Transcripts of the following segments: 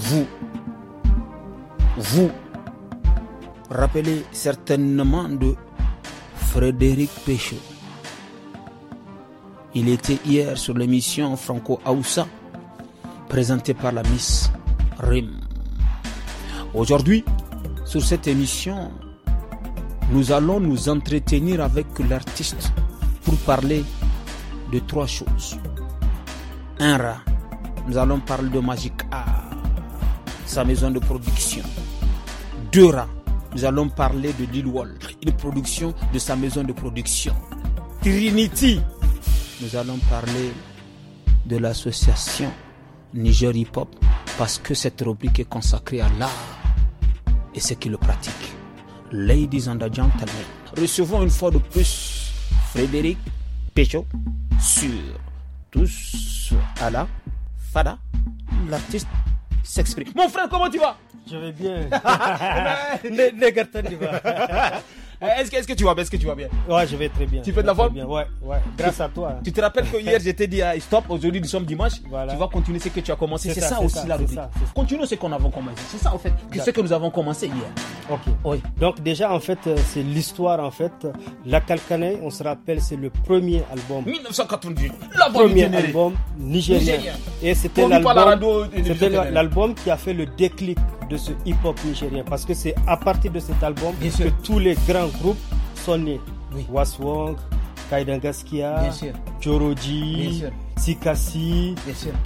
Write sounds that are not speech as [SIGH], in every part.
vous, vous rappelez certainement de Frédéric Péchaud. Il était hier sur l'émission Franco Aoussa, présentée par la Miss Rim. Aujourd'hui, sur cette émission, nous allons nous entretenir avec l'artiste pour parler de trois choses. Un rat, nous allons parler de Magic Art sa maison de production. Dura, nous allons parler de Lil Wall, une production de sa maison de production. Trinity, nous allons parler de l'association Niger Hip Hop parce que cette rubrique est consacrée à l'art et ceux qui le pratiquent. Ladies and gentlemen, recevons une fois de plus Frédéric pechot sur Tous à la Fada, l'artiste mon frère, comment tu vas Je vais bien. [LAUGHS] [LAUGHS] [LAUGHS] Eh, est-ce que, est que, tu vas bien Est-ce que tu vas bien Ouais, je vais très bien. Tu fais de la bien. Ouais, ouais. Grâce à toi. Hein. Tu te rappelles que hier, j'étais dit ah, stop, aujourd'hui nous sommes dimanche. Tu vas continuer ce que tu as commencé. C'est ça, aussi la Continuons ce qu'on a commencé. C'est ça, en fait, ce que nous avons commencé hier. Ok. Oui. Donc, déjà, en fait, euh, c'est l'histoire, en fait. La Calcanet, on se rappelle, c'est le premier album. 1998. Premier album nigérien. Et c'était l'album qui a fait le déclic de ce hip-hop nigérien. Parce que c'est à partir de cet album que tous les grands groupes sont nés. Oui. Waswang, Kaidan Gaskia, Choroji, Sikasi,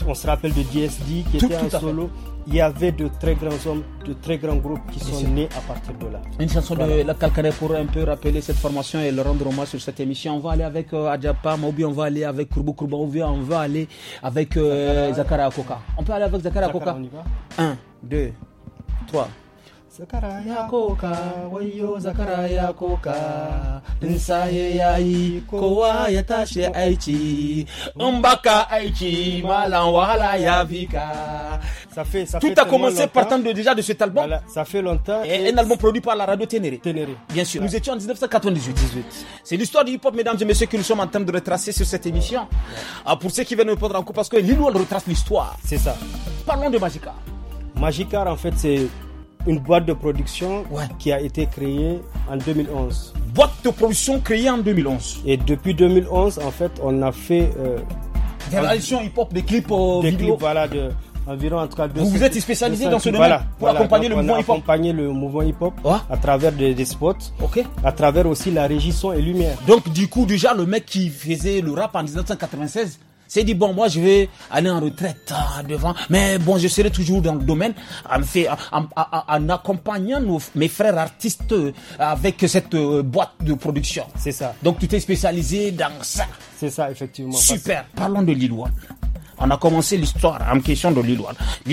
on se rappelle de DSD qui était un solo. Il y avait de très grands hommes, de très grands groupes qui sont nés à partir de là. Une chanson de La Calcaré pour un peu rappeler cette formation et le rendre hommage sur cette émission. On va aller avec euh, ou bien on va aller avec ou bien on va aller avec euh, Zakara Akoka. On peut aller avec Zakara Akoka 1, 2, ça fait, Tout a commencé partant de, déjà de cet album. ça fait longtemps. Et, un album produit par la radio Ténéré. Ténéré. Bien sûr. Nous étions en 1998. C'est l'histoire du hip-hop, mesdames et messieurs, que nous sommes en train de retracer sur cette émission. Ah, pour ceux qui viennent nous prendre en coup, parce que Lilo, elle retrace l'histoire. C'est ça. Parlons de Magica. Magicar, en fait, c'est une boîte de production qui a été créée en 2011. Boîte de production créée en 2011. Et depuis 2011, en fait, on a fait. Euh, des réalisations hip-hop, des clips euh, des Clips, voilà, Vous vous êtes spécialisé dans ce domaine pour accompagner, le mouvement, le mouvement hip-hop. le à travers des, spots, Ok. à travers aussi la régie son et lumière. Donc du coup déjà le mec qui faisait le rap en 1996 c'est dit, bon, moi, je vais aller en retraite hein, devant, mais bon, je serai toujours dans le domaine en, fait, en, accompagnant mes frères artistes euh, avec cette euh, boîte de production. C'est ça. Donc, tu t'es spécialisé dans ça. C'est ça, effectivement. Super. Parlons de Lillois. On a commencé l'histoire en question de Lil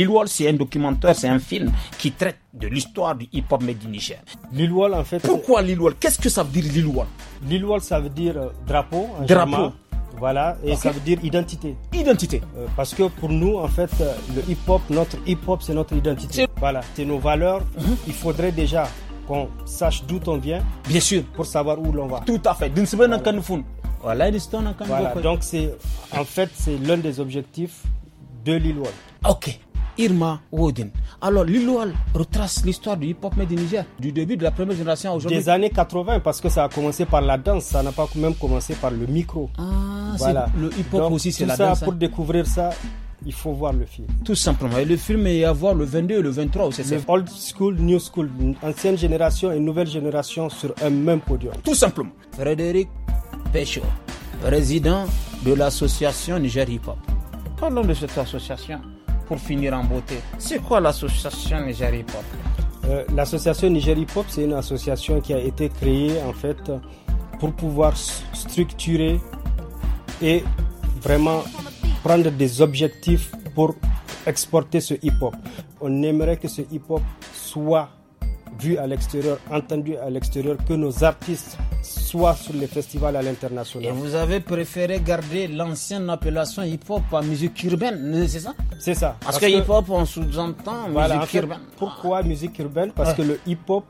Wall. c'est un documentaire, c'est un film qui traite de l'histoire du hip-hop made in en fait. Pourquoi Lil Qu'est-ce que ça veut dire Lil Wall ça veut dire euh, drapeau. drapeau. Voilà, et ça veut dire identité. Identité. Euh, parce que pour nous, en fait, euh, le hip-hop, notre hip-hop, c'est notre identité. Voilà, c'est nos valeurs. Mhm. Il faudrait déjà qu'on sache d'où on vient. Bien sûr. Pour savoir où l'on va. Tout à fait. Voilà. Voilà, donc c'est en fait c'est l'un des objectifs de l'île Ok. Irma Woden. Alors, Liloual retrace l'histoire du hip-hop made in Niger, du début de la première génération aujourd'hui. Des années 80, parce que ça a commencé par la danse, ça n'a pas même commencé par le micro. Ah, voilà. le hip-hop aussi, c'est la danse. Pour hein. découvrir ça, il faut voir le film. Tout simplement. Et le film est à voir le 22 et le 23, c'est ça Old school, new school, ancienne génération et nouvelle génération sur un même podium. Tout simplement. Frédéric Pécho, président de l'association Niger Hip Hop. Parlons de cette association pour finir en beauté. C'est quoi l'association Niger pop euh, L'association Niger pop c'est une association qui a été créée en fait pour pouvoir structurer et vraiment prendre des objectifs pour exporter ce hip-hop. On aimerait que ce hip-hop soit vu à l'extérieur, entendu à l'extérieur, que nos artistes soient sur les festivals à l'international. Et vous avez préféré garder l'ancienne appellation hip-hop à musique urbaine, c'est ça C'est ça. Parce, que, hip-hop, on sous-entend voilà, musique urbaine. Pourquoi ah. musique urbaine Parce ah. que le hip-hop...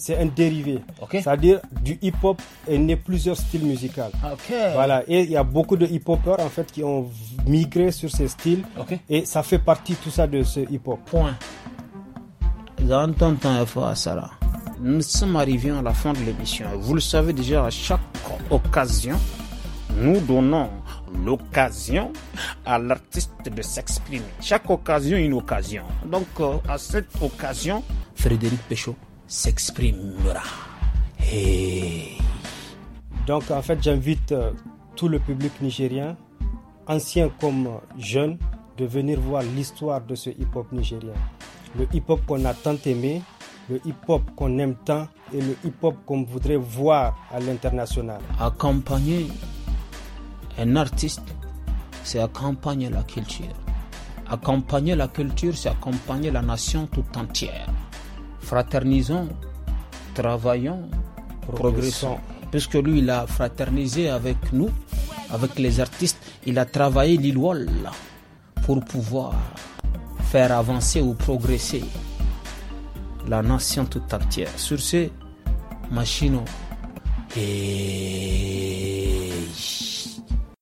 c'est un dérivé. C'est-à-dire du hip-hop est né plusieurs styles musicaux. Voilà. Et il y a beaucoup de hip-hopers en fait qui ont migré sur ces styles. Et ça fait partie tout ça de ce hip-hop. Point dans tant de ça Nous sommes arrivés à la fin de l'émission. Vous le savez déjà, à chaque occasion, nous donnons l'occasion à l'artiste de s'exprimer. Chaque occasion, une occasion. Donc, euh, à cette occasion, Frédéric Péchaud s'exprimera. Donc, en fait, j'invite euh, tout le public nigérien, ancien comme jeune, de venir voir l'histoire de ce hip-hop nigérien le hip-hop qu'on a tant aimé, le hip-hop qu'on aime tant et le hip-hop qu'on voudrait voir à l'international. Accompagner un artiste, c'est accompagner la culture. Accompagner la culture, c'est accompagner la nation tout entière. Fraternisons, travaillons, progressons. Puisque lui, il a fraternisé avec nous, avec les artistes, il a travaillé Wall pour pouvoir faire avancer ou progresser la nation tout entière. Sur ce, machines. Et...